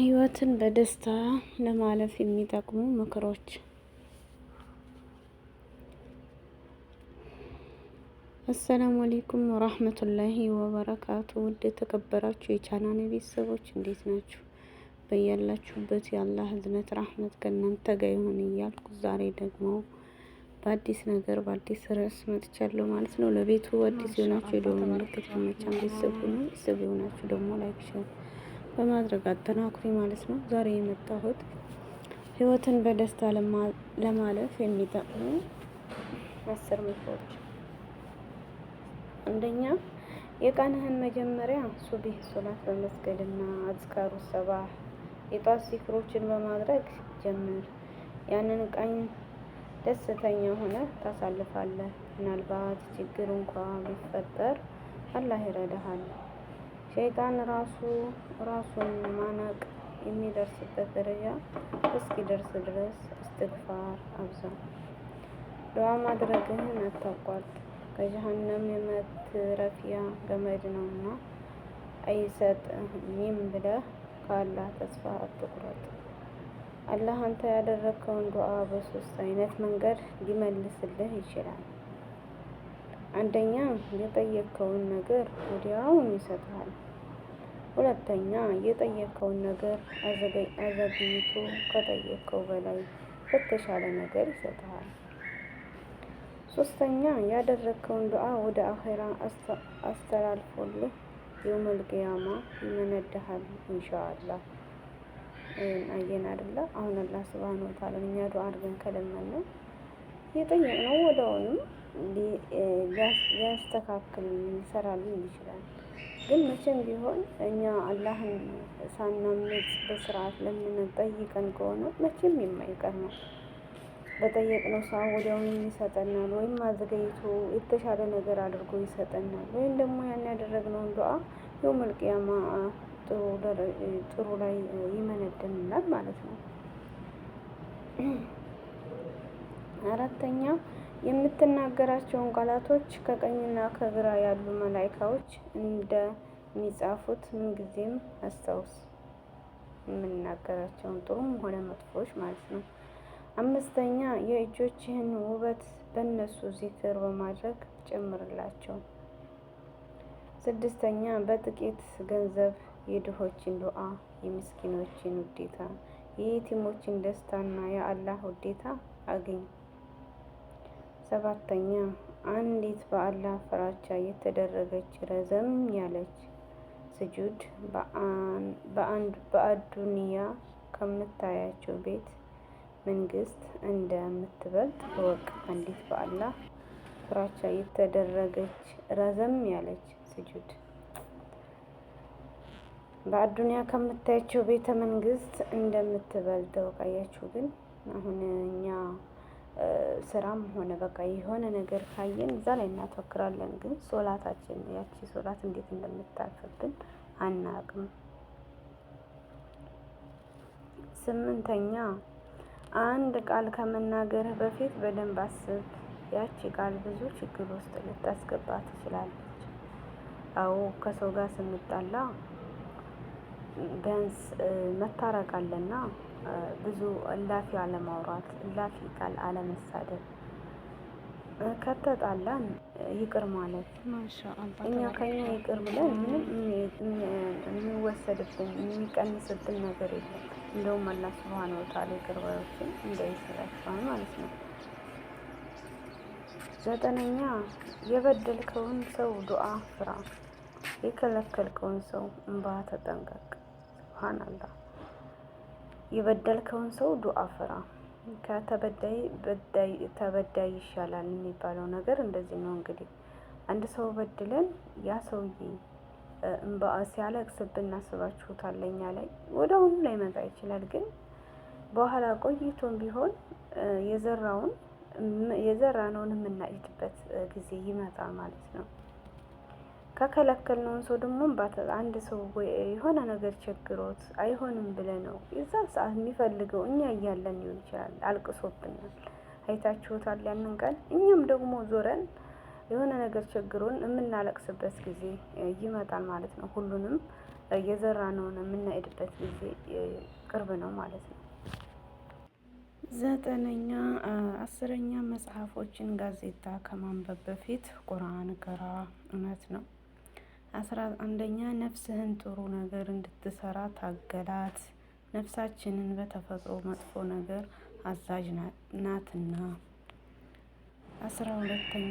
ህይወትን በደስታ ለማለፍ የሚጠቅሙ ምክሮች። አሰላሙ አሌይኩም ወራህመቱላሂ ወበረካቱ። ውድ የተከበራችሁ የቻናን ቤተሰቦች እንዴት ናችሁ? በያላችሁበት የአላህ ህዝነት ራህመት ከእናንተ ጋር ይሁን እያልኩ ዛሬ ደግሞ በአዲስ ነገር በአዲስ ርዕስ መጥቻለሁ ማለት ነው። ለቤቱ አዲስ የሆናችሁ የደወል ምልክት መጫን ቤተሰብ ሁኑ። ቤተሰብ የሆናችሁ ደግሞ ላይክ ሸር በማድረግ አጠናኩሪ ማለት ነው። ዛሬ የመጣሁት ህይወትን በደስታ ለማለፍ የሚጠቅሙ አስር ምክሮች። አንደኛ የቀንህን መጀመሪያ ሱቢህ ሶላት በመስገድና አዝካሩ ሰባህ የጧት ዚክሮችን በማድረግ ጀምር። ያንን ቀን ደስተኛ ሆነ ታሳልፋለህ። ምናልባት ችግር እንኳ ቢፈጠር አላህ ይረዳሃል። ሸይጣን ራሱ ራሱን ማናቅ የሚደርስበት ደረጃ እስኪደርስ ድረስ እስትግፋር አብዛ፣ ዱዓ ማድረግህን አታቋርጥ። ከጀሀነም የመትረፊያ ገመድ ነውና አይሰጥህም ብለህ ካላህ ተስፋ አትቁረጥ። አላህ አንተ ያደረግከውን ዱዓ በሶስት አይነት መንገድ ሊመልስልህ ይችላል። አንደኛ የጠየቅከውን ነገር ወዲያውኑ ይሰጣል። ሁለተኛ የጠየቅከውን ነገር አዘግይቶ ከጠየቅከው በላይ በተሻለ ነገር ይሰጣል። ሶስተኛ ያደረግከውን ዱዓ ወደ አኼራ አስተላልፎልህ የውመል ቂያማ ይመነዳሃል ኢንሻአላህ። አየን አይደለ? አሁን አላህ ስብሃነ ወተዓላ እኛ ዱዓ አድርገን ከለመነው የጠየቅነው ወዲያውኑ ሊያስተካክል ሊሰራልን ይችላል። ግን መቼም ቢሆን እኛ አላህን ሳናምንጽ በስርዓት ለምነን ጠይቀን ከሆነ መቼም የማይቀር ነው። በጠየቅነው ሰው ወዲያውኑ ይሰጠናል፣ ወይም አዘገይቶ የተሻለ ነገር አድርጎ ይሰጠናል። ወይም ደግሞ ያን ያደረግነውን ዱ የውመል ጥሩ ላይ ይመነድንናል ማለት ነው። አራተኛ የምትናገራቸውን ቃላቶች ከቀኝና ከግራ ያሉ መላይካዎች እንደሚጻፉት ምንጊዜም አስታውስ። የምናገራቸውን ጥሩም ሆነ መጥፎች ማለት ነው። አምስተኛ የእጆችህን ውበት በእነሱ ዚክር በማድረግ ጨምርላቸው። ስድስተኛ በጥቂት ገንዘብ የድሆችን ዱዓ፣ የምስኪኖችን ውዴታ፣ የየቲሞችን ደስታና የአላህ ውዴታ አግኝ። ሰባተኛ አንዲት በአላህ ፍራቻ የተደረገች ረዘም ያለች ስጁድ በአዱንያ ከምታያቸው ቤት መንግስት እንደምትበልጥ እወቅ። አንዲት በአላህ ፍራቻ የተደረገች ረዘም ያለች ስጁድ በአዱንያ ከምታያቸው ቤተ መንግስት እንደምትበልጥ እወቅ። አያችሁ ግን አሁን እኛ ስራም ሆነ በቃ የሆነ ነገር ካየን እዛ ላይ እናተወክራለን ግን ሶላታችን ያቺ ሶላት እንዴት እንደምታርፍብን አናቅም። ስምንተኛ አንድ ቃል ከመናገርህ በፊት በደንብ አስብ። ያቺ ቃል ብዙ ችግር ውስጥ ልታስገባ ትችላለች። አዎ ከሰው ጋር ስንጣላ ቢያንስ መታረቃለና ብዙ እላፊ አለማውራት፣ እላፊ ቃል አለመሳደብ፣ ከተጣላን ይቅር ማለት እኛ ከኛ ይቅር ብለን ምንም የሚወሰድብን የሚቀንስብን ነገር የለም። እንደውም አላህ ስብሃነ ወተዓላ ይቅር ባዮችን እንዳይሰራቸዋል ማለት ነው። ዘጠነኛ የበደልከውን ሰው ዱዓ ፍራ፣ የከለከልከውን ሰው እንባ ተጠንቀቅ። ሱብሃን አላህ የበደልከውን ሰው ዱአ ፍራ። ከተበዳይ ተበዳይ ይሻላል የሚባለው ነገር እንደዚህ ነው። እንግዲህ አንድ ሰው በድለን ያ ሰውዬ እንባ ሲያለቅስብን እናስባችሁታል። ለኛ ላይ ላይ ላይመጣ ይችላል፣ ግን በኋላ ቆይቶም ቢሆን የዘራውን የዘራነውን የምናጭድበት ጊዜ ይመጣል ማለት ነው። ከከለከልነውን ሰው ደግሞ አንድ ሰው የሆነ ነገር ቸግሮት አይሆንም ብለ ነው የዛ ሰዓት የሚፈልገው እኛ እያለን ሊሆን ይችላል። አልቅሶብናል፣ አይታችሁታል ያንን ቀን። እኛም ደግሞ ዞረን የሆነ ነገር ቸግሮን የምናለቅስበት ጊዜ ይመጣል ማለት ነው። ሁሉንም የዘራነውን የምናሄድበት ጊዜ ቅርብ ነው ማለት ነው። ዘጠነኛ አስረኛ መጽሐፎችን ጋዜጣ ከማንበብ በፊት ቁርአን ገራ እውነት ነው። አስራ አንደኛ ነፍስህን ጥሩ ነገር እንድትሰራ ታገላት። ነፍሳችንን በተፈጥሮ መጥፎ ነገር አዛዥ ናትና። አስራ ሁለተኛ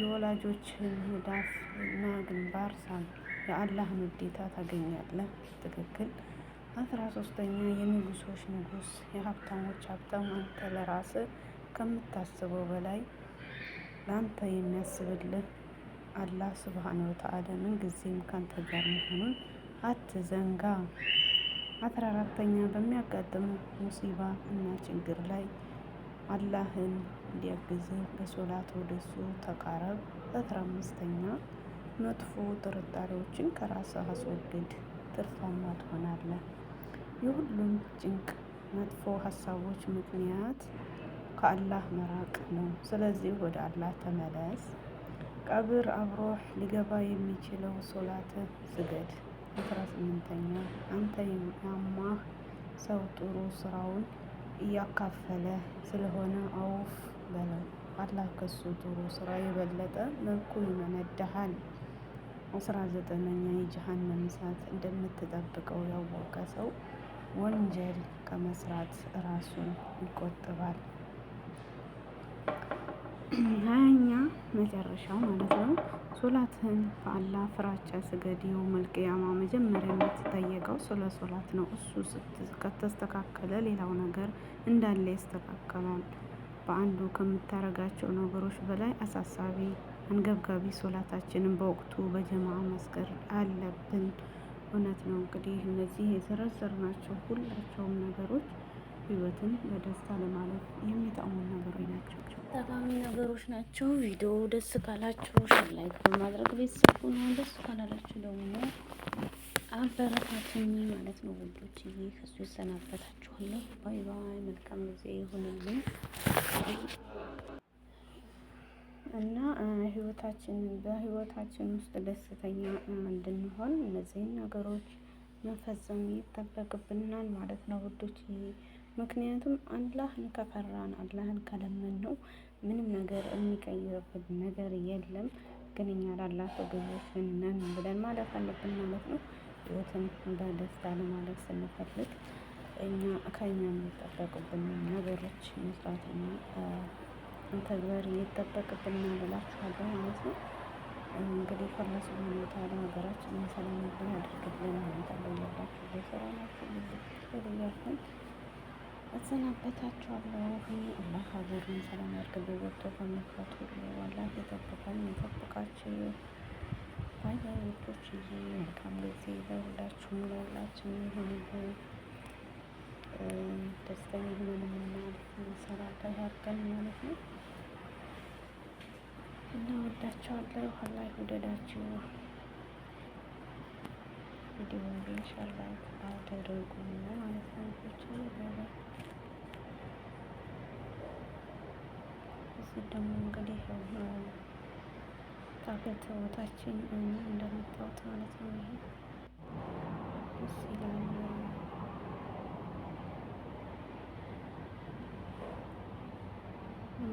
የወላጆችህን ዳፍ እና ግንባር ሳም፣ የአላህን ውዴታ ታገኛለህ። ትክክል። አስራ ሶስተኛ የንጉሶች ንጉስ፣ የሀብታሞች ሀብታም፣ አንተ ለራስህ ከምታስበው በላይ ለአንተ የሚያስብልህ አላህ ስብሓን ወተዓላ ምን ጊዜም ካንተ ጋር መሆኑን አትዘንጋ። አስራ አራተኛ በሚያጋጥሙ ሙሲባ እና ችግር ላይ አላህን እንዲያግዝህ በሶላት ወደሱ ተቃረብ። አስራ አምስተኛ መጥፎ ጥርጣሬዎችን ከራስህ አስወግድ፣ ትርፋማ ትሆናለህ። የሁሉም ጭንቅ መጥፎ ሀሳቦች ምክንያት ከአላህ መራቅ ነው። ስለዚህ ወደ አላህ ተመለስ። ቀብር አብሮህ ሊገባ የሚችለው ሶላተ ስገድ። አስራ ስምንተኛ አንተ የሚያማ ሰው ጥሩ ስራውን እያካፈለ ስለሆነ አውፍ በለው። አላህ ከሱ ጥሩ ስራ የበለጠ መልኩ ይመነዳሃል። አስራ ዘጠነኛ የጀሃነም እሳት እንደምትጠብቀው ያወቀ ሰው ወንጀል ከመስራት ራሱን ይቆጥባል። ሀያኛ መጨረሻው ማለት ነው። ሶላትን በአላ ፍራቻ ስገድ። የውመል መልቅያማ መጀመሪያ የምትጠየቀው ስለ ሶላት ነው። እሱ ከተስተካከለ ሌላው ነገር እንዳለ ይስተካከላል። በአንዱ ከምታረጋቸው ነገሮች በላይ አሳሳቢ፣ አንገብጋቢ ሶላታችንን በወቅቱ በጀማ መስገድ አለብን። እውነት ነው። እንግዲህ እነዚህ የዘረዘርናቸው ሁላቸውም ነገሮች ህይወትን በደስታ ለማለፍ የሚጠቅሙ ነገሮች ናቸው። ጠቃሚ ነገሮች ናቸው። ቪዲዮ ደስ ካላችሁ ላይክ በማድረግ ቤተሰቡ ነው። ደስ ካላላችሁ ደግሞ አበረታችን ማለት ነው ወንዶች ይሄ ከሱ ይሰናበታችኋለሁ። ባይ ባይ። መልካም ጊዜ ይሁንልኝ እና ህይወታችን በህይወታችን ውስጥ ደስተኛ እንድንሆን እነዚህን ነገሮች መፈጸም ይጠበቅብናል ማለት ነው ውዶች። ምክንያቱም አላህን ከፈራን አላህን ከለመን ነው ምንም ነገር የሚቀይርብን ነገር የለም። ግን እኛ ላላህ ተገዥዎች ነን ብለን ማለት አለብን ማለት ነው። ህይወትን በደስታ ለማለት ስንፈልግ እኛ ከኛ የሚጠበቅብን ነገሮች መስራትና መተግበር ይጠበቅብናል እላችኋለሁ ማለት ነው። እንግዲህ ፈላስ ሁኔታ ለሀገራችን ሰላም ያድርግልን ማለት አለ ያላችሁ በሰላማችሁ ልብ ያርፍን። እሰናበታችኋለሁ። አላህ ሀገሩን ሰላም ያድርግልን። ወጥቶ ከመግባት አላህ ይጠብቀን ይጠብቃችሁ። ባያዎቶች ይ መልካም ጊዜ ለሁላችሁም ለሁላችን ይሁንልን። ደስተኛ ሆነን የምናልፍ ሰላታ ያድርገን ማለት ነው እና ወዳችኋለሁ። አላህ ይውደዳችሁ። ቪዲዮውን ኢንሻአላህ አድርጉ ማለት ነው። ስል ደግሞ እንግዲህ ጣፈት ቦታችን እንደምታዩት ማለት ነው። ይሄ ደስ ይላል።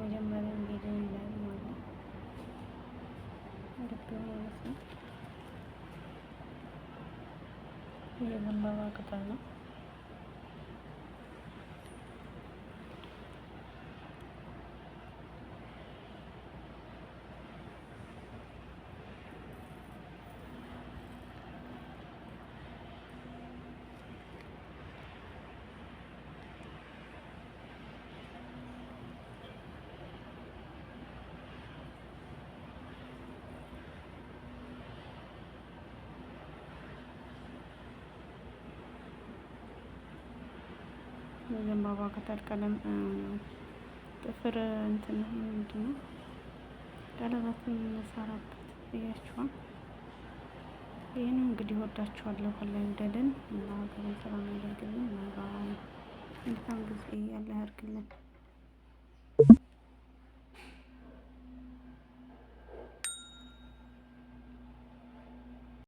መጀመሪያ ሄደ ይላል ማለት ግቢው ማለት ነው። የዘንባባ ቅጠል ነው። የዘንባባ ቅጠል ቀለም ጥፍር እንትን ምንድን ነው ቀለበትን የምንሰራበት እያችኋል። ይህን እንግዲህ ወዳችኋለሁ። ላይ ውደድን እና ሀገር ስራ ያደርግልን መልካም ጊዜ ያለ ያርግልን።